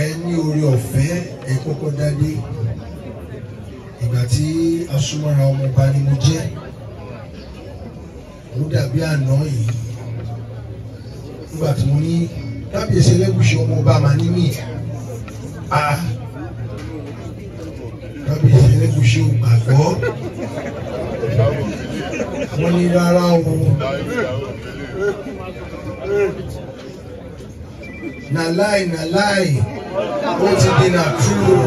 ẹ ní orí ọ̀fẹ́ ẹ kọ́kọ́ dádé ìgbà tí asúmọ́ra ọmọọba ni mo jẹ́ mo dàbí àná yìí nígbà tí mo ní kábíyèsí Ẹlẹ́gùṣì ọmọọba máa ní mí a kábíyèsí Ẹlẹ́gùṣì ò gbàgbọ́ wọ́n ní rárá o. Nalai, nalai. na ti di na true.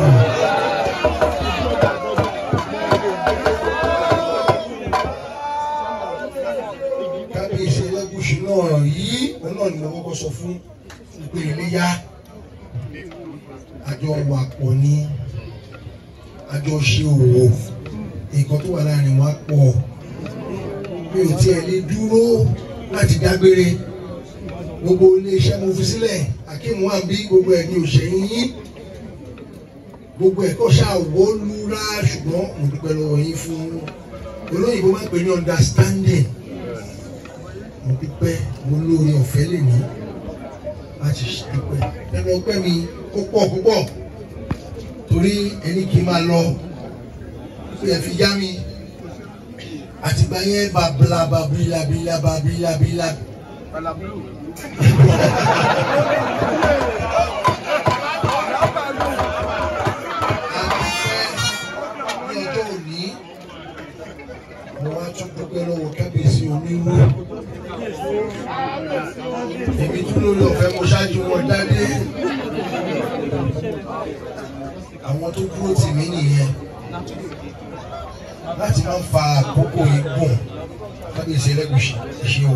kábíyèsí Ẹlẹ́gùṣì náà yìí òun náà ni mo kọ́kọ́ sọ fún ìpè iléyà àjọ wà pọ̀ ní àjọ ṣe òwò nǹkan tó wà láàrin wa pọ̀ mi ò tiẹ̀ lè dúró láti dágbére gbogbo iléeṣẹ́ mo fi sílẹ̀ akéemu wa bí gbogbo ẹ̀ ní òṣèyìn yín gbogbo ẹ̀ kọ́ ṣáà wọ́ lura ṣùgbọ́n mo dúpẹ́ lọ́wọ́ yín fún olóyìnbó máa pè ní understanding mo dúpẹ́ mo lóore ọ̀fẹ́ lè ní láti dúpẹ́ ẹnu ọpẹ́ mi kó pọ̀ púpọ̀ torí ẹni kì í máa lọ pé ẹ fi yá mi àtìgbà yẹn bá Bala blue. èmi tún lórí ọ̀fẹ́ mo ṣáájú wọn dádé àwọn tó dúró tì mí nìyẹn láti máa ń fa àkókò igun kábíyèsí ẹlẹ́gùn ṣe o.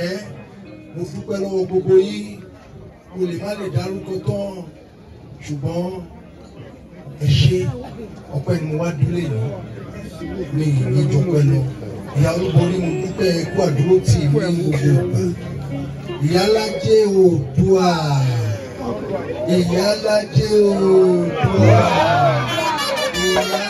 ọ̀rẹ́ mo dúpẹ́ lọ́wọ́ gbogbo yín mo lè má lè dárúkọ tán ṣùgbọ́n ẹ ṣe ọpẹ́ ni mo wá dúlé yìí mi ìlú jọpẹ́ lọ ìyá olúborí mo dúpẹ́ ikú àdúró tì mí gbogbo ìgbà ìyálájẹ́ Oòduà ìyálájẹ́ Oòduà ìyá.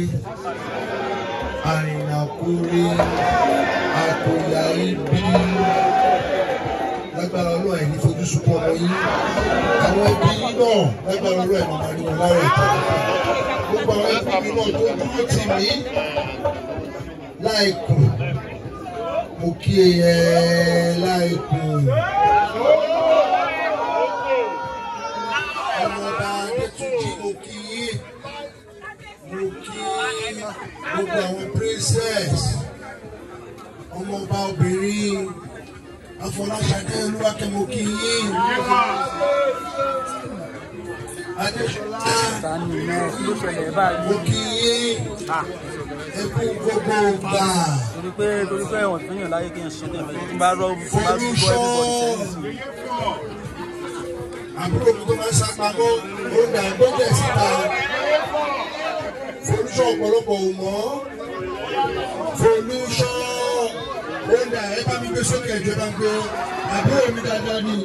kúrí àrìnà kúrí àkòyà ibi lágbára ọlọ́run ẹ̀ ní fojú sunkún ọmọ yín àwọn ẹbí yín náà lágbára ọlọ́run ẹ̀ màmá rí wọn lára ìta gbogbo àwọn ẹbí mi náà tó dúró tì mí láìkù mo kí ẹ láìkù. ọmọ ọba adétúnjì mo kí i gbogbo àwọn princess ọmọọba obìnrin Afọláṣadé Olúwakẹ́mọkí yín Adéṣọlá mo kí yín ẹkú gbogbo gbà. torí pé torí pé ẹ̀wọ̀n tó yàn láyé kí n ṣe ní ẹ̀fẹ̀ tí n bá rọ tí n bá rú bọ́ ẹ̀fẹ̀ àbúrò mi tó máa ń sápamọ́ ó gbà gbọ́dọ̀ síta tó ọ̀pọ̀lọpọ̀ ò mọ́ folúṣọ́ ọ̀dà ẹ bá mi gbé sókè ẹ̀jọ̀ bá ń gbé àbúrò mi dáadáa ni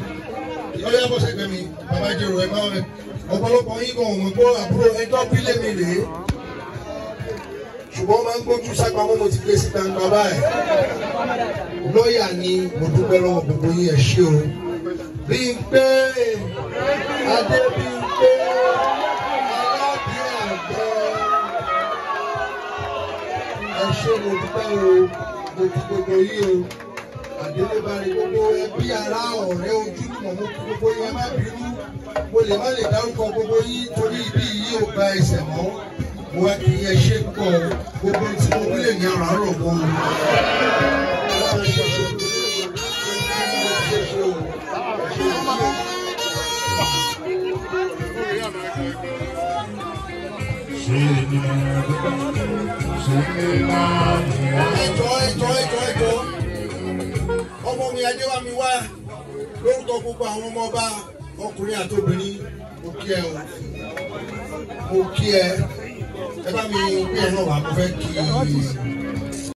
lọ́yà bọ́sẹ̀gbẹ̀ mi bàbá jẹ̀rọ ẹ̀ máa ọ̀pọ̀lọpọ̀ yín gan ọ̀mọ̀ tó àbúrò ẹjọ́ bílẹ̀ mi rèé ṣùgbọ́n máa ń gbójú sápamọ́ mo ti gbé síta ń gbà báyìí lọ́yà ni mo dúpẹ́ lọ́wọ́ gbogbo yín ẹ̀ ṣé o bí n pé adé bí n pé. ẹ ṣé mo dúpẹ́ o mo kí gbogbo yín o àdélébárí gbogbo ẹbí ará ọ̀rẹ́ ojúlùmọ̀ mo kí gbogbo yín ẹ má bínú mo lè má lè dárúkọ gbogbo yín torí ibi yìí ò gba ẹsẹ̀ mọ́ mo wá kí ẹ ṣe pọ̀ gbogbo tí mo wílè ní àràárọ̀ mọ́. ẹjọ ẹjọ ẹjọ ẹjọ ọmọ mi adéwàmí wá lórúkọ gbogbo àwọn ọmọ ọba ọkùnrin àtòbìnrin mo kí ẹ o mo kí ẹ ẹ bá mi wí ẹ náà wà mo fẹ́ kí i.